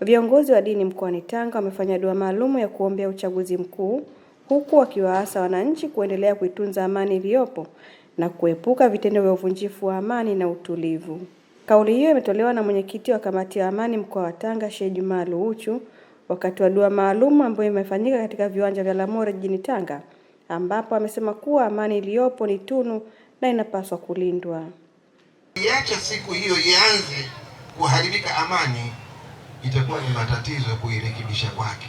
Viongozi wa dini mkoani Tanga wamefanya dua maalumu ya kuombea uchaguzi mkuu huku wakiwaasa wananchi kuendelea kuitunza amani iliyopo na kuepuka vitendo vya uvunjifu wa amani na utulivu. Kauli hiyo imetolewa na mwenyekiti wa kamati ya amani mkoa wa Tanga, Sheikh Jumaa Luuchu wakati wa dua maalum ambayo imefanyika katika viwanja vya Lamora jijini Tanga, ambapo amesema kuwa amani iliyopo ni tunu na inapaswa kulindwa. Iacha siku hiyo ianze kuharibika amani itakuwa ni matatizo kuirekebisha kwake.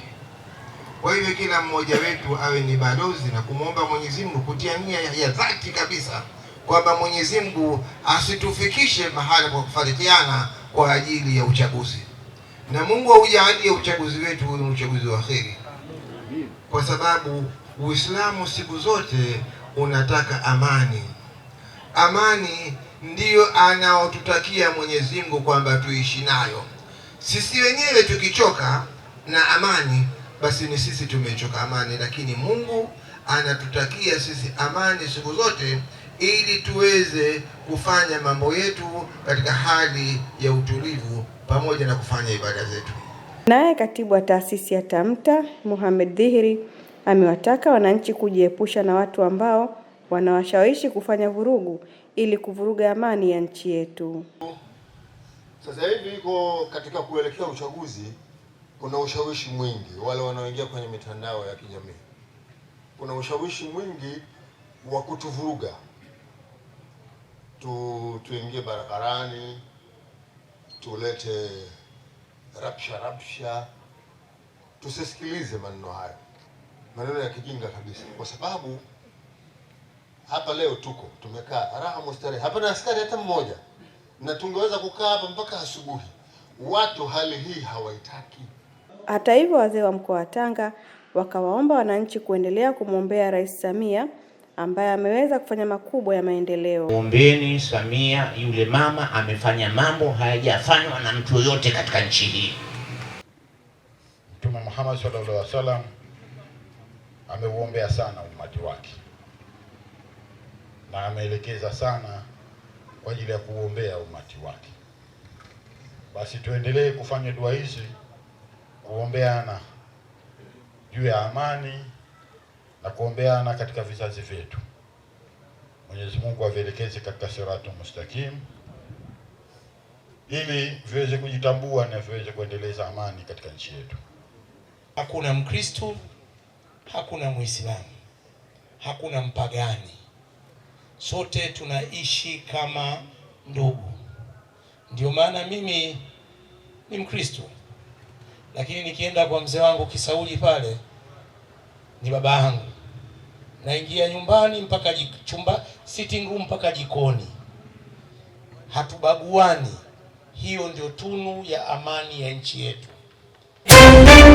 Kwa hivyo kila mmoja wetu awe ni balozi na kumwomba Mwenyezi Mungu kutia nia ya dhati kabisa kwamba Mwenyezi Mungu asitufikishe mahali kwa kufarikiana kwa ajili ya uchaguzi, na Mungu aujalie uchaguzi wetu huyu uchaguzi wa kheri, kwa sababu Uislamu siku zote unataka amani. Amani ndiyo anaotutakia Mwenyezi Mungu kwamba tuishi nayo. Sisi wenyewe tukichoka na amani, basi ni sisi tumechoka amani, lakini Mungu anatutakia sisi amani siku zote, ili tuweze kufanya mambo yetu katika hali ya utulivu pamoja na kufanya ibada zetu. Naye katibu wa taasisi ya TAMTA Mohamed Dhihiri amewataka wananchi kujiepusha na watu ambao wanawashawishi kufanya vurugu ili kuvuruga amani ya nchi yetu. Sasa hivi iko katika kuelekea uchaguzi, kuna ushawishi mwingi, wale wanaoingia kwenye mitandao ya kijamii, kuna ushawishi mwingi wa kutuvuruga tu, tuingie barabarani, tulete rapsha rapsha, tusisikilize maneno hayo, maneno ya kijinga kabisa, kwa sababu hapa leo tuko tumekaa raha mustarehe, hapana askari hata mmoja na tungeweza kukaa hapa mpaka asubuhi. Watu hali hii hawaitaki. Hata hivyo, wazee wa mkoa wa Tanga wakawaomba wananchi kuendelea kumwombea Rais Samia ambaye ameweza kufanya makubwa ya maendeleo. Mwombeni Samia, yule mama amefanya mambo hayajafanywa na mtu yoyote katika nchi hii. Mtume Muhammad sallallahu alaihi wasallam ameuombea sana umati wake na ameelekeza sana kwa ajili ya kuombea umati wake. Basi tuendelee kufanya dua hizi, kuombeana juu ya amani na kuombeana katika vizazi vyetu. Mwenyezi Mungu avielekeze katika siratu mustakim, ili viweze kujitambua na viweze kuendeleza amani katika nchi yetu. Hakuna Mkristo, hakuna Muislamu, hakuna mpagani sote tunaishi kama ndugu. Ndio maana mimi ni Mkristo, lakini nikienda kwa mzee wangu Kisauli pale ni baba yangu, naingia nyumbani mpaka chumba sitting room mpaka jikoni, hatubaguani. Hiyo ndio tunu ya amani ya nchi yetu.